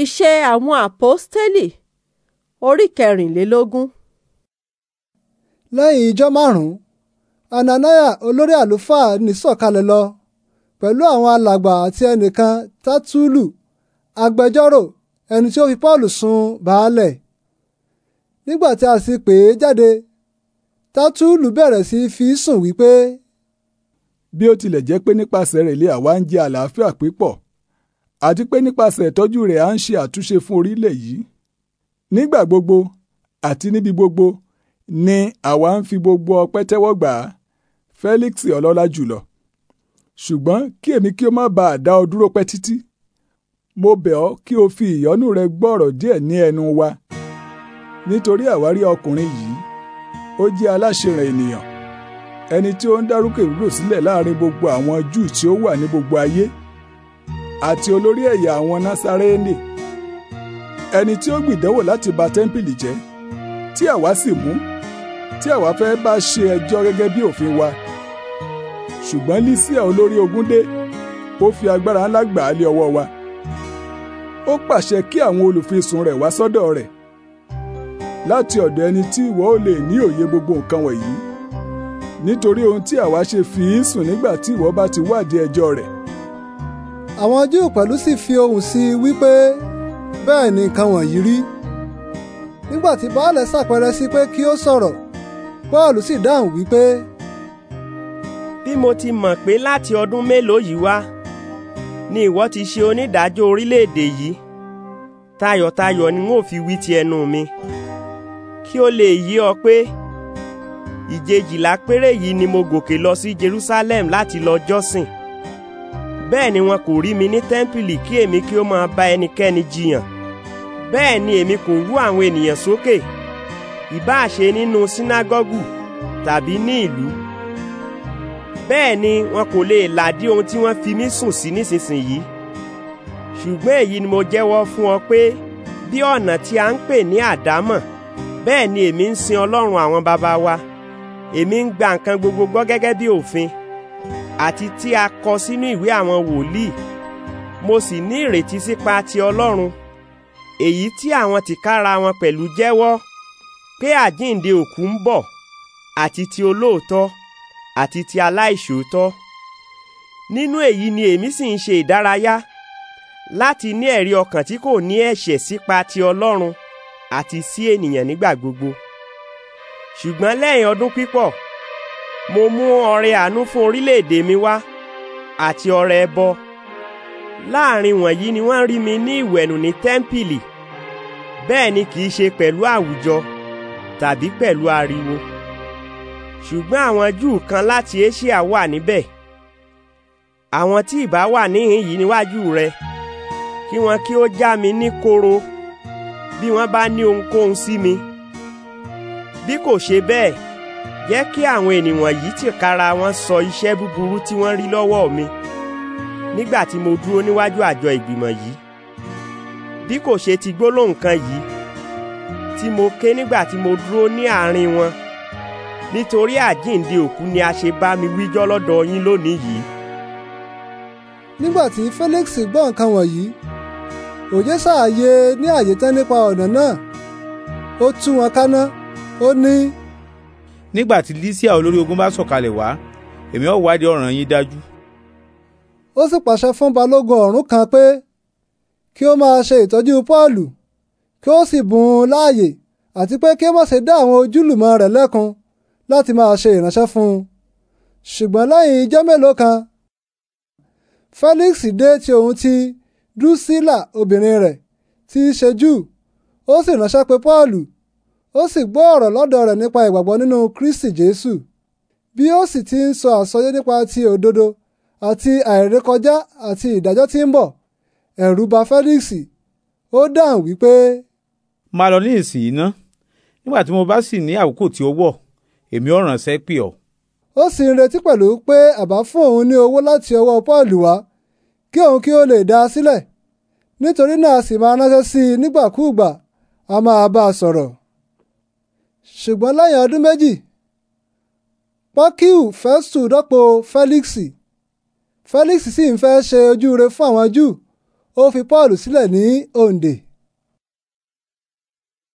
Ìṣe àwọn àpọ́stélì orí kẹrìnlélógún. Lẹ́yìn ijọ́ márùn-ún, Anania olórí àlùfáà nì sọ̀kalẹ̀ lọ pẹ̀lú àwọn alàgbà àti ẹnìkan Tátúlù agbẹjọ́rò ẹni tí ó fi Pọ́ọ̀lù sun baálẹ̀. Nígbà tí a sì pè é jáde, Tátúlù bẹ̀rẹ̀ sí í fi sùn wípé. Bí ó tilẹ̀ jẹ́ pé nípasẹ̀ rẹ̀ ilé àwa ń jẹ àlàáfíà pípọ̀ àti pé nípasẹ̀ ìtọ́jú rẹ̀ à ń ṣe àtúnṣe fún orílẹ̀ yìí. nígbà gbogbo àti níbi gbogbo ni àwa ń fi gbogbo ọpẹ́ tẹ́wọ́ gbà á Felix ọlọ́lá jùlọ ṣùgbọ́n kí èmi kí ó má bàa dá ọ dúró pẹ́ títí mo bẹ̀ ọ́ kí o fi ìyọ́nú rẹ gbọ́rọ̀ díẹ̀ ní ẹnu wa nítorí àwárí ọkùnrin yìí ó jẹ́ aláṣẹ̀rẹ̀ ènìyàn ẹni tí ó ń dárúkọ ìwúlò sílẹ̀ láàrin gbogbo àwọn Júù tí ó wà ní gbogbo ayé àti olórí ẹ̀yà àwọn Násárẹ́nì ẹni tí ó gbìdánwò láti ba tẹ́ḿpìlì jẹ́ tí àwa sì mú tí àwa fẹ́ bá ṣe ẹjọ́ gẹ́gẹ́ bí òfin wa ṣùgbọ́n Lísíà olórí ogun dé ó fi agbára ńlá gbà á lé ọwọ́ wa ó pàṣẹ kí àwọn olùfisùn rẹ̀ wá sọ́dọ̀ rẹ̀ láti ọ̀dọ̀ ẹni tí ìwọ ò lè ní òye gbogbo nǹkan wọ̀nyí nítorí ohun tí àwa ṣe fi í sùn nígbà tí ìwọ bá ti wádìí ẹjọ́ rẹ̀ àwọn Júù pẹ̀lú sì fi ohùn sí i wípé bẹ́ẹ̀ ni nǹkan wọ̀nyí rí nígbà tí baálẹ̀ ṣàpẹrẹ sí pé kí ó sọ̀rọ̀ Pọ́ọ̀lù sì dáhùn wípé. bí mo ti mọ̀ pé láti ọdún mélòó yìí wá ni ìwọ ti ṣe onídàájọ́ orílẹ̀-èdè yìí tayọ̀tayọ̀ ni n ó fi wí ti ẹnu mi kí ó lè yé ọ pé ìjejìlá péré yìí ni mo gòkè lọ sí Jerusalem láti lọ jọ́sìn bẹ́ẹ̀ ni wọn kò rí mi ní tẹ́ḿpìlì kí èmi kí ó máa bá ẹnikẹ́ni jiyàn bẹ́ẹ̀ ni èmi kò rú àwọn ènìyàn sókè ìbáà nínú sínágọ́gù tàbí ní ìlú bẹ́ẹ̀ ni wọn kò lè làdí ohun tí wọ́n fi mí sùn sí nísinsìnyí ṣùgbọ́n èyí ni mo jẹ́wọ́ fún ọ pé bí ọ̀nà tí a ń pè ní àdámọ̀ bẹ́ẹ̀ ni èmi ń sin Ọlọ́run àwọn baba wa èmi ń gba nǹkan gbogbo gẹ́gẹ́ bí òfin àti tí a kọ sínú ìwé àwọn wòlíì mo sì ní ìrètí sípa ti Ọlọ́run èyí tí àwọn tìkára wọn pẹ̀lú jẹ́wọ́ pé àjíǹde òkú ń bọ̀ àti ti olóòótọ́ àti ti aláìṣòótọ́ nínú èyí ni èmi sì ń ṣe ìdárayá láti ní ẹ̀rí ọkàn tí kò ní ẹ̀ṣẹ̀ sípa ti Ọlọ́run àti sí ènìyàn nígbà gbogbo ṣùgbọ́n lẹ́yìn ọdún pípọ̀ mo mú ọrẹ àánú fún orílẹ̀-èdè mi wá àti ọrẹ ẹbọ láàrin wọ̀nyí ni wọ́n rí mi ní ìwẹ̀nù ní tẹ́ḿpìlì bẹ́ẹ̀ ni kì í ṣe pẹ̀lú àwùjọ tàbí pẹ̀lú ariwo ṣùgbọ́n àwọn Júù kan láti Éṣíà wà níbẹ̀ àwọn tí ìbá wà níhìn yìí níwájú rẹ kí wọn kí ó já mi ní koro bí wọ́n bá ní ohunkóhun sí mi bí kò ṣe bẹ́ẹ̀ jẹ́ kí àwọn ènìyàn yìí tìkára wọn sọ iṣẹ́ búburú tí wọ́n rí lọ́wọ́ mi nígbà tí mo dúró níwájú àjọ ìgbìmọ̀ yìí bí kò ṣe ti gbólóhùn kan yìí tí mo ké nígbà tí mo dúró ní àárín wọn nítorí àjíǹde òkú ni a ṣe bá mi wíjọ́ lọ́dọ̀ yín lónìí yìí. nígbà tí Felix gbọ́ nǹkan wọ̀nyí òye ṣààyè e ní àyè tán nípa ọ̀nà náà ó tú wọn káná ó ní. Ni nígbà tí Lísíà olórí ogun bá sọ̀kalẹ̀ wá èmi ó wádìí ọ̀ràn yín dájú. ó sì pàṣẹ fún balógun ọ̀rún kan pé kí ó máa ṣe ìtọ́jú Pọ́ọ̀lù kí ó sì bùn ún láàyè àti pé kí ó má ṣe dá àwọn ojúlùmọ̀ rẹ̀ lẹ́kun láti máa ṣe ìránṣẹ́ fún un ṣùgbọ́n lẹ́yìn ijọ́ mélòó kan Felix dé ti òun ti Drusilla obìnrin rẹ̀ tí í ṣe Júù ó sì ránṣẹ́ pé Pọ́ọ̀lù ó sì gbọ́ ọ̀rọ̀ lọ́dọ̀ rẹ̀ nípa ìgbàgbọ́ nínú Kristi Jésù bí ó sì ti ń sọ àsọyé nípa ti òdodo àti àìrékọjá àti ìdájọ́ tí ń bọ̀ ẹ̀rù bà Félíksì ó dáhùn wípé. máa lọ ní ìsìn iná nígbà tí mo bá sì ní àkókò tí ó wọ̀ èmi ó ránṣẹ́ pè ọ́. ó sì ń retí pẹ̀lú pé àbá fún òun ní owó láti ọwọ́ Pọ́ọ̀lù wá kí òun kí ó lè dá a sílẹ̀ nítorí náà a sì máa ránṣẹ́ sí i nígbàkúùgbà a máa bá a sọ̀rọ̀ ṣùgbọ́n lẹ́yìn ọdún méjì pọ́kíù fẹ́stù dọ́pò fẹ́líksì fẹ́líksì sì ń fẹ́ ṣe ojúure fún àwọn júù ó fi paul sílẹ̀ ní òǹdè.